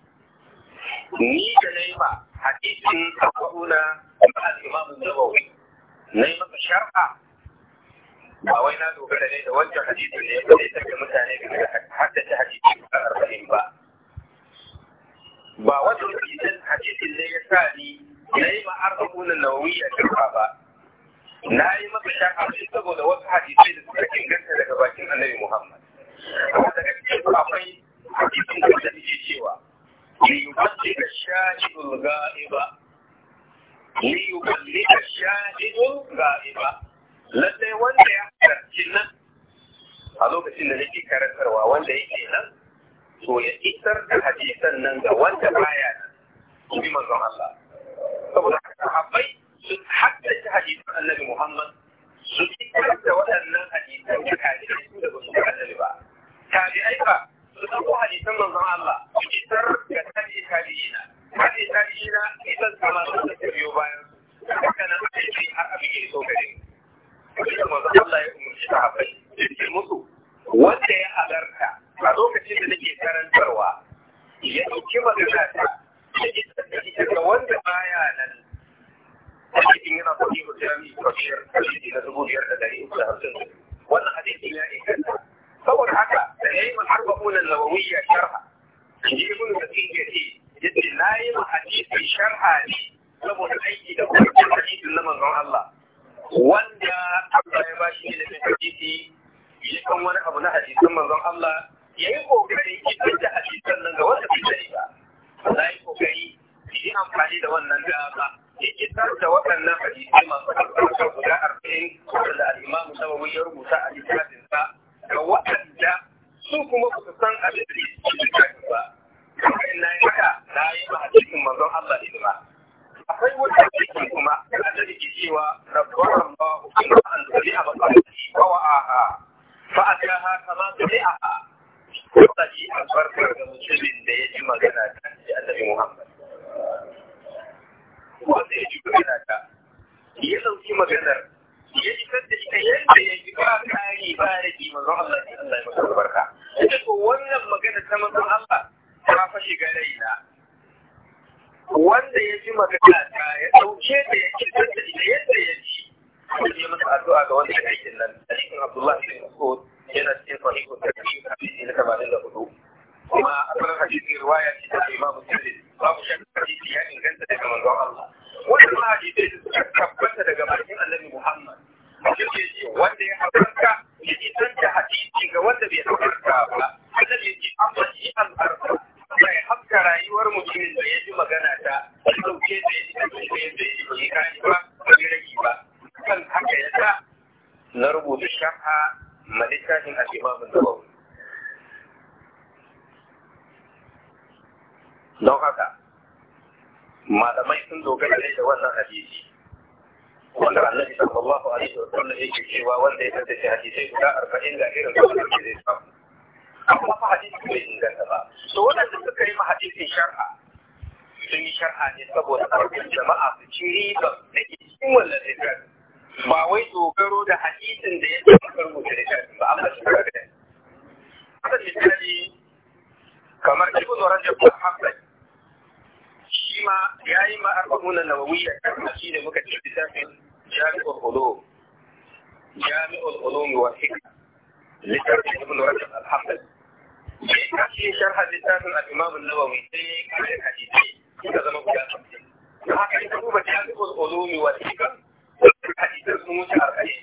ni da naima hadisin abubuwa da al'imamun nabawi na yi masa shar'a ba wai na dogara ne da wancan hadisi ne ya kwaɗe take mutane da haddace hadisi a arba'in ba ba wajen hadisin hadisin ne ya sa ni na yi ma kuna nawawi a shirka ba na yi masa shar'a shi saboda wasu hadisi da suka inganta daga bakin annabi muhammad wata cikin akwai hadisin da ke cewa ليبلغ الشاهد الغائب ليبلغ الشاهد الغائب lallai wanda ya halarci nan a lokacin da nake karantarwa wanda yake nan to ya isar da hadisan nan ga wanda baya nan bi manzon Allah saboda sahabbai sun haddace hadisan annabi Muhammad sun isar da waɗannan hadisan ga kafirai da ba su annabi ba tabi'ai ba su ɗauko hadisan manzon Allah isar ga tabi tabi'ina tabi tabi'ina isar ga masu da ta biyo bayan su haka nan ake har a bige so gare wanda manzon Allah ya umarci ta haɓai ya mutu, wanda ya halarta a lokacin da nake karantarwa ya ɗauki magana ta ya isar da ita ga wanda baya nan hadisin yana sahihu jami'i kafiyar hadisi na dubu biyar da ɗari uku da hamsin wannan hadisin ya inganta saboda haka da ya yi ma'arba'una nawawiyya sharha inji ibn kasir ya ce yadda na yi ma hadisi sharha ne saboda aiki da farkon hadisin na manzon Allah wanda Allah ya bashi ilimin hadisi ya kan wani abu na hadisin manzon Allah ya yi kokarin kitar da hadisan nan ga wanda bai sani ba na yi ƙoƙari, kokari yi amfani da wannan gaba ya kitar da waɗannan hadisai masu karɓar guda arba'in wanda al'imamu nawawi ya rubuta a littafinsa ga waɗanda su kuma ba su san abin da ke ba kamar na yi haka na yi ba a cikin mazan Allah ba. akwai wata cikin kuma da da ke cewa rabbar Allah kuma an tabi a ba wa wa'aha fa a ta ha kama tabi a ha wata ji farkar da mutumin da ya ji magana kan ji annabi Muhammad wanda ya ji magana ta ya sauki maganar ya isar da ita yadda ya ba ba da ji manzon Allah ya Allah ya wannan magana ta manzon Allah ta fashe shiga raina wanda ya ji magana ta ya dauke ya da ita yadda ya ko masa addu'a ga wanda ya aikin nan yana cikin sahihul Bukhari hadisi na 84 kuma asalin hadisi riwaya ce ta imamu muslim babu shakka hadisi ya inganta daga manzon Allah wannan ma hadisi suka tabbata daga bakin annabi Muhammad yake ce wanda ya habarka ya isan da hadisi ga wanda bai habarka ba annabi ya ce an bashi an barka mai haska rayuwar mutumin da ya ji magana ta ya dauke da ya ji da ya ji da ya ji bai kai ba bai rage ba kan haka ya sa na rubuta sharha na littafin al-Imam an-Nawawi don haka malamai sun dogara ne da wannan hadisi wanda annabi sallallahu alaihi wa sallam yake cewa wanda ya tattace hadisai guda arba'in ga irin da ke zai samu amma fa hadisi bai inganta ba to waɗanda suka yi ma hadisin shar'a sun yi shar'a ne saboda arba'in jama'a su ci riba da ke cikin wannan littafin ba wai dogaro da hadisin da ya taɓa da littafin ba amma shi da misali kamar ibn rajab al-hanbali shi ma ya yi ma arba'una nawawiyya kan shi da muka ce littafin jami'ul ulum jami'ul ulum wa hikma littafin ibn rajab al-hanbali sai ka ce sharhan littafin al-imam an-nawawi sai ka ce hadisi ka zama guda haka in ka duba jami'ul ulum wa hikma hadisin sun wuce arba'in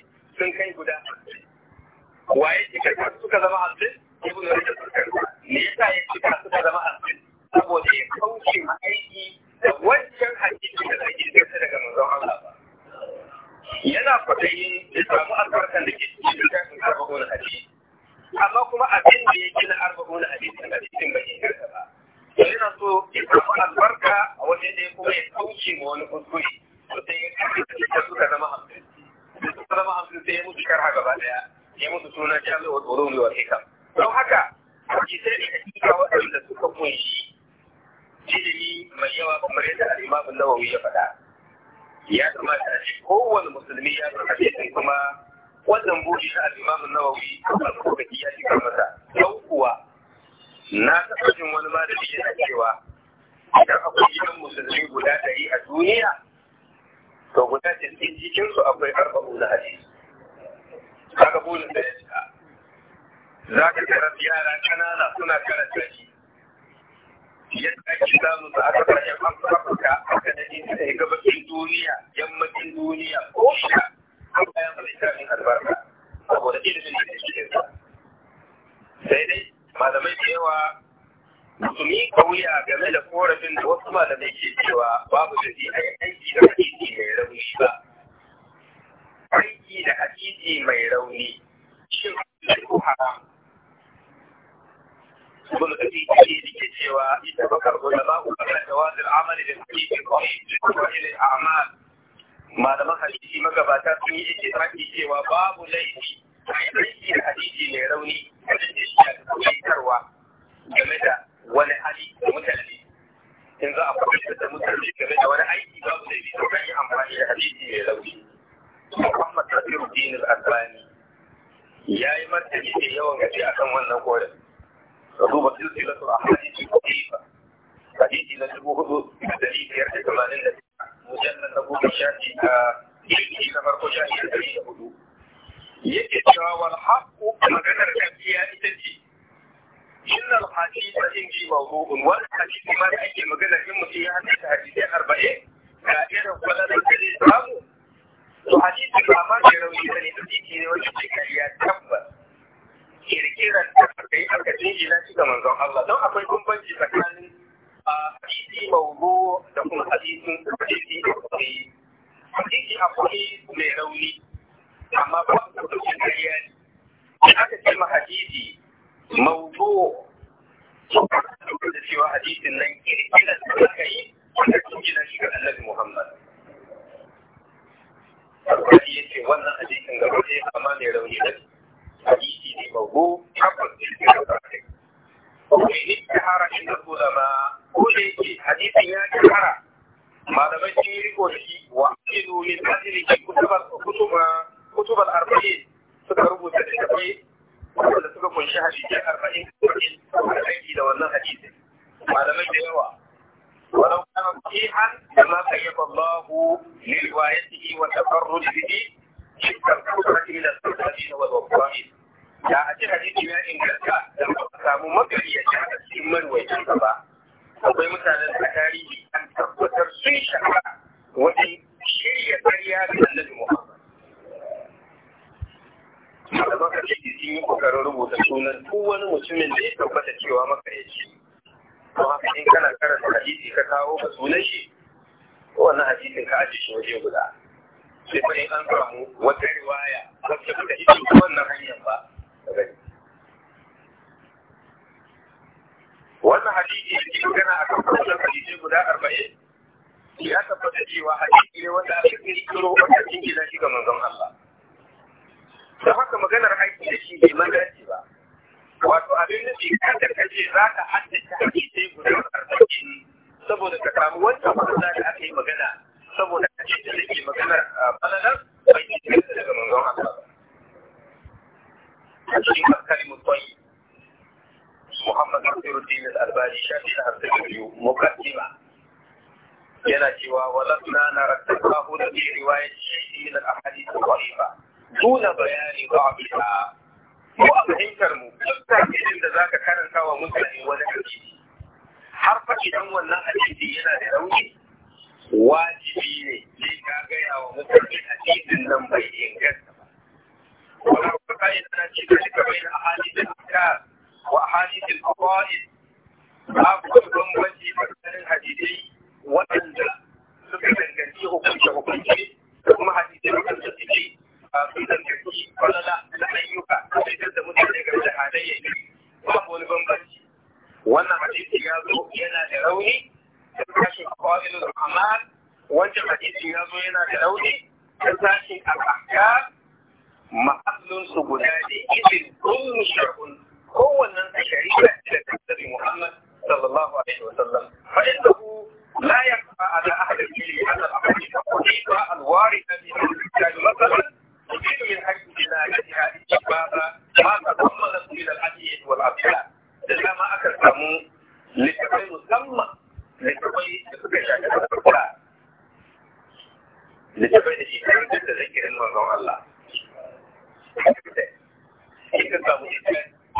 nan gaba akwai mutanen da tarihi an tabbatar sun shafa wajen shirya ƙarya da annabi Muhammad. Malaman ka sun yi kokarin rubuta sunan duk mutumin da ya tabbata cewa maka ya ce. To haka in kana karanta hadisi ka kawo ka sunan shi, wannan hadisin ka aji shi waje guda. Sai kuma in an samu wata riwaya wacce baka ita wannan hanyar ba, wannan hadisi da ke magana a kan wannan hadisi guda arba'in ya tabbata cewa hadisi ne wanda aka wannan wanda gida shi ga manzon Allah da haka maganar aiki da shi bai dace ba wato abin nufi kan da kace za ka haddace hadisi guda arba'in saboda ka samu wancan matsala da aka yi magana saboda hadisi da ke maganar falalar bai kirkiro daga manzon Allah ba. Cikin kalmar tsayi Muhammad Nasiruddin Al-Albani shafi na hamsin da biyu mukaddima yana cewa walam na na ko da bi riwayat shay'in min da ahadith al-dha'ifa duna bayani bisa ko a fahimtar mu duk takirin da zaka karanta wa mutane wani hadisi har fa idan wannan hadisi yana da rauni wajibi ne sai ka gaya wa mutane hadisin nan bai inganta ba. Wani kuma ka'ida na cikin duka bai na ahadith da wa hadithil fadail babu wani bambanci tsakanin hadisai waɗanda suka danganci hukunce hukunce da kuma hadisai waɗanda suke sun danganci falala na ayyuka sai da mutane game da halayya babu wani bambanci wannan hadisi ya zo yana da rauni da kashin fadailul amal wancan hadisi ya zo yana da rauni da kashin al guda ne idin kullu هو الى الشريعة محمد صلى الله عليه وسلم فإنه لا يخفى على أهل العلم أن الأحاديث الصحيحة الواردة في الكتاب مثلا تفيد من أجل جنايتها استخبار ما تضمنت من الحديث والأمثلة إلا ما أكرمه لتكون ثم لتبين الشيطان الله.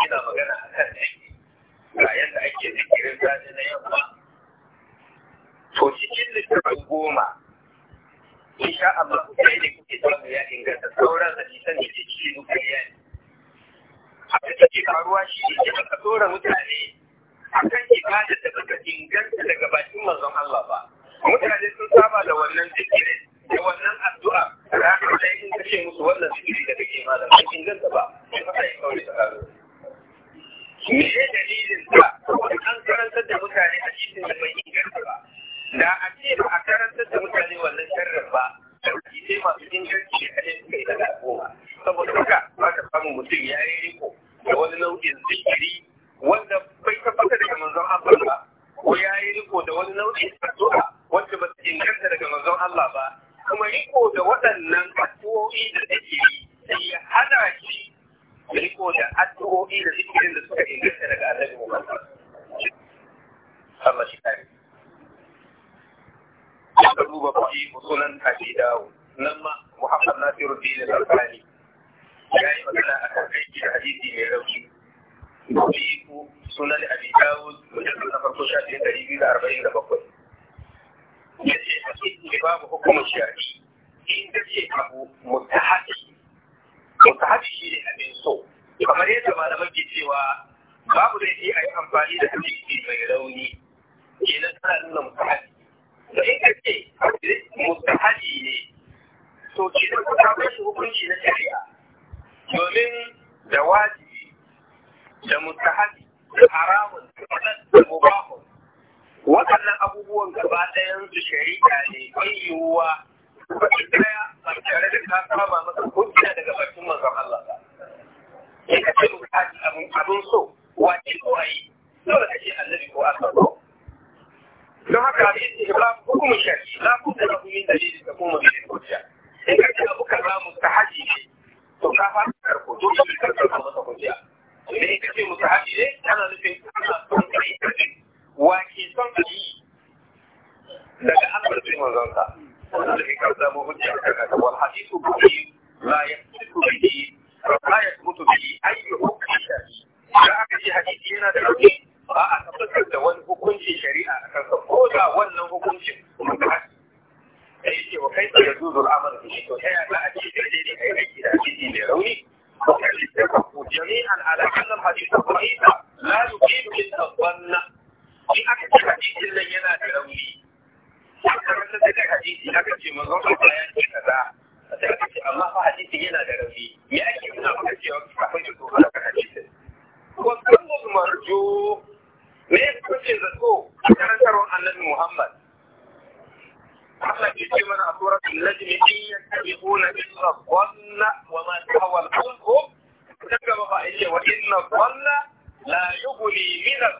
Ina magana a kan ciki ga yadda ake zikirin safe na yamma to cikin littafin goma insha Allah sai ne kuke samu ya inganta sauran da nisan da ke cikin duniya ne abin da ke faruwa shi ne ke aka tsora mutane a kan ibada da baka inganta daga bakin manzon Allah ba mutane sun saba da wannan zikirin da wannan addu'a ranar da in kace musu wannan zikiri da kake malam bai inganta ba sai ka yi kawai da karo me ne dalilin sa an da mutane a cikin mai inganta ba da a ce a da mutane wannan sai masu saboda ba ka samu mutum ya yi riko da wani nau'in wanda bai Allah ba ko ya yi riko da wani nau'in wanda ba su inganta daga manzon Allah ba kuma riko da waɗannan addu'o'i da take yi ya hana shi riko da addu'o'i da zikirin da suka inganta daga annabi Muhammad Allah shi kare ka duba kuɗi sunan Abi Dawud nan ma Muhammad Nasiruddin Al-Albani ya yi magana akan aiki da hadisi mai rauni Gobe ku sunan Abi Dawud mujallar na farko shafi ɗari biyu da arba'in da bakwai. Ya ce, "Babu hukumar shari'i, in da ce abu mutahaki mustahabi shi ne abin so kamar yadda malamai ke cewa babu da shi a yi amfani da hadisi mai rauni kenan tana nuna mustahabi da in ka ce mustahabi ne to kenan ku ta bashi hukunci na shari'a domin da wajibi da mustahabi da haramun da mubahun waɗannan abubuwan gaba ɗayan su shari'a ne bai yiwuwa bakin daya ba tare da ka daga bakin manzon Allah abun so ko ayi don haka shari'a dalilin da to masa nufin wa ke son daga sai sa وذلك كلام حجة والحديث به لا يثبت به لا يثبت به أي ba a da wani hukuncin shari'a a kansa ko da wannan hukuncin ta yaya za a aiki da aiki mai rauni jami'an aka ce nan yana da rauni karanta da kai hadisi aka ce manzon Allah ya amma fa yana da da marju zato a karantarwar annabi Muhammad Allah ce mana a suratul najm in yattabi'una illa dhanna wa ma tahwa wa inna dhanna la yughni min minar.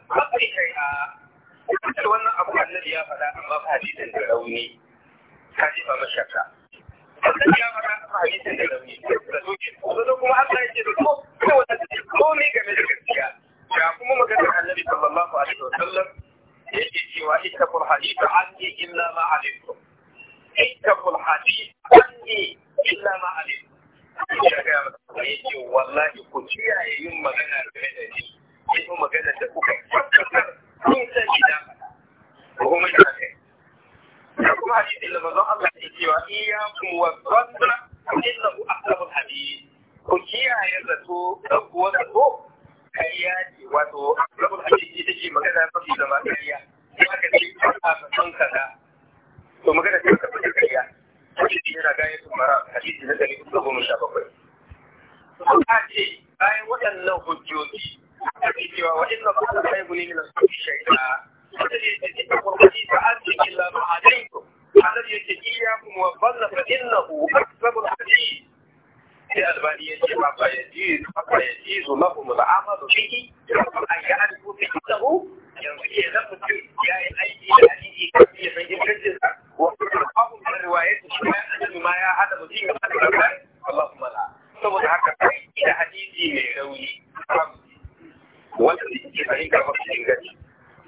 ce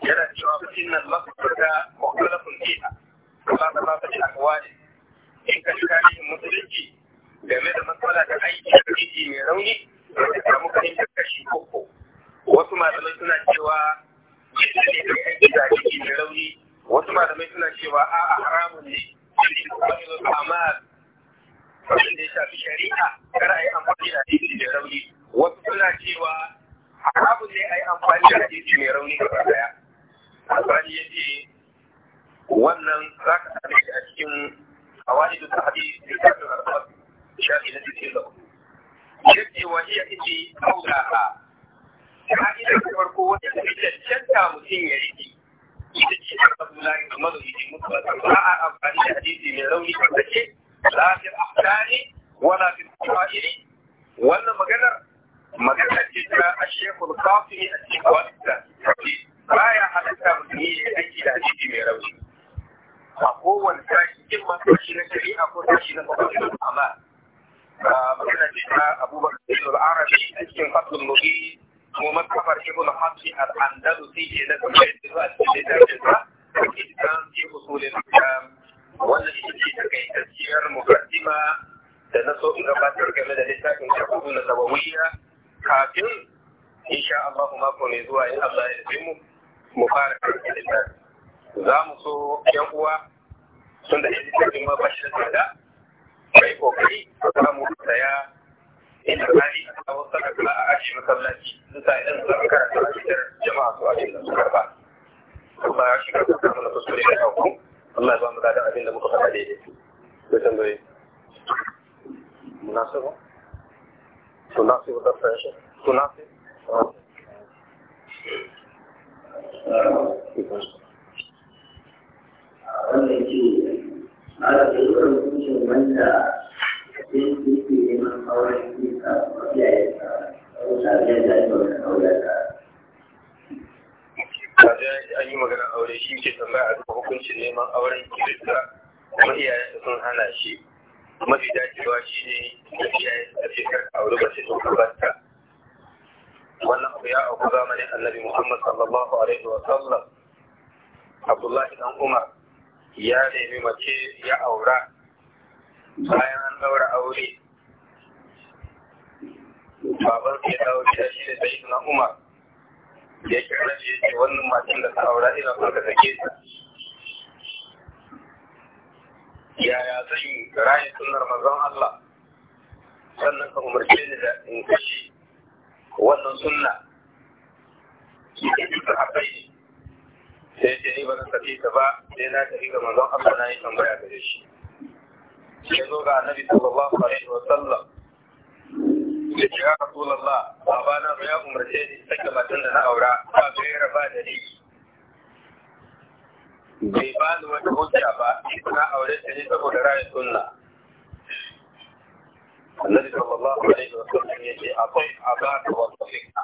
yana cewa fa innal maqsada mukhtalafun fiha kama da ba ta akwani in ka shiga cikin musulunci game da matsala ta aiki da aiki mai rauni da samu fahimtar kashi uku wasu malamai suna cewa yadda ne da aiki da mai rauni wasu malamai suna cewa a'a haramun ne shi abin da ya shafi shari'a kar a yi amfani da aiki rauni wasu suna cewa haramun ne a yi amfani da hadisi mai rauni gaba daya albani ya ce wannan za ka same a cikin hawaidu ta hadisi da kafin arbat shafi na cikin da ya ce wa iya iji kauda ha yi ta farko wanda ta fi cancanta mutum ya riki ita ce ta abdullahi da mazuhi mutuwa ba a amfani da hadisi mai rauni gaba daya la fi al-ahdari wala fi al-qa'ili wannan maganar magana ce ta a shekul kafi a cikin wata ba ya halatta musulmi ya aiki da hadisi mai rauni a kowane sashi cikin masashi na shari'a ko sashi na masashi amma magana ce ta abubakar ibn arabi a cikin fatul mubi kuma masabar ibn hafsi al-andalusi ne na kamar yadda a da littafin sa a cikin ji usulin wannan ita ce takaitacciyar mukaddima da na so in gabatar game da littafin shakudu na sabawiyya kafin insha Allah mako mai zuwa in Allah ya yi mu mu fara karanta littafi za mu so yan uwa sun da yan littafin ma bashi da da mai kokari za mu saya inda zai a wasu kala a ashe masallaci sun sa idan za mu karanta lafiyar jama'a su a cikin su karba kuma ya shiga su samu na kuskure da yau Allah ya ba mu da abin da muka faɗa daidai. Bai tambaye. Munasaba? Sunasi with the French. Sunasi. an yi magana aure shi ke tambaya a hukuncin neman auren kirista kuma iyayen sun hana shi mafi dacewa shi ne da iyaye da shekar aure ba sai sun wannan ku ya auku zamanin annabi muhammad sallallahu alaihi wa sallam abdullahi dan umar ya nemi mace ya aura bayan an daura aure baban ya dawo gida shi da sai na umar ya kira shi ya ce wannan matan da ta aura ina son ka sake ta yaya zan yi rayu sunnar manzon Allah sannan ka umarce ni da in kashe wannan sunna idan duk sahabbai sai ce ni ba zan tafi ta ba sai na tafi ga manzon Allah na yi tambaya gare shi ya zo ga annabi sallallahu alaihi wa sallam da ce ya rasulullah babana ya umarce ni sake matan da na aura ba gaira ba ni. bai ba ni wata hujja ba na aure ta ne saboda ra'ayin sunna Annabi sallallahu alaihi wa sallam ya ce akwai abata wa sallika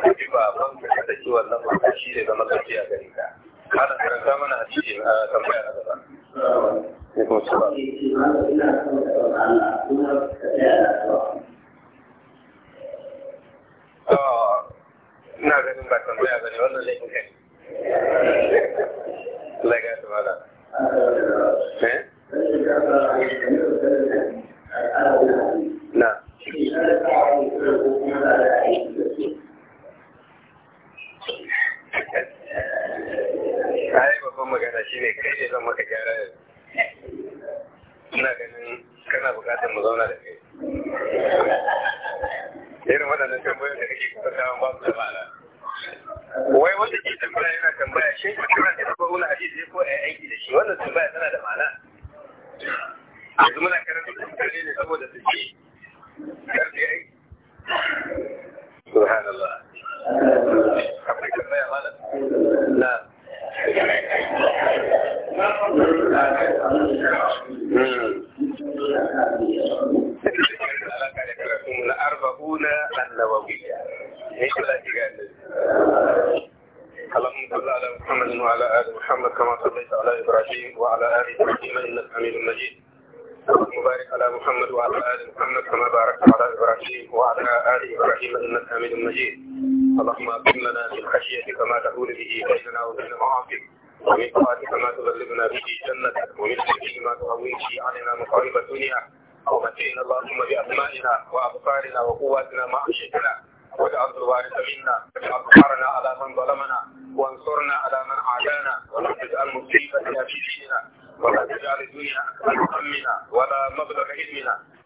kaji ba ban ka da ki wannan mata shi ne zama kaji a gari ka kada karanta mana hadisi a tambaya na gaba ne ko su ba ina ganin ba tambaya bane wannan laifin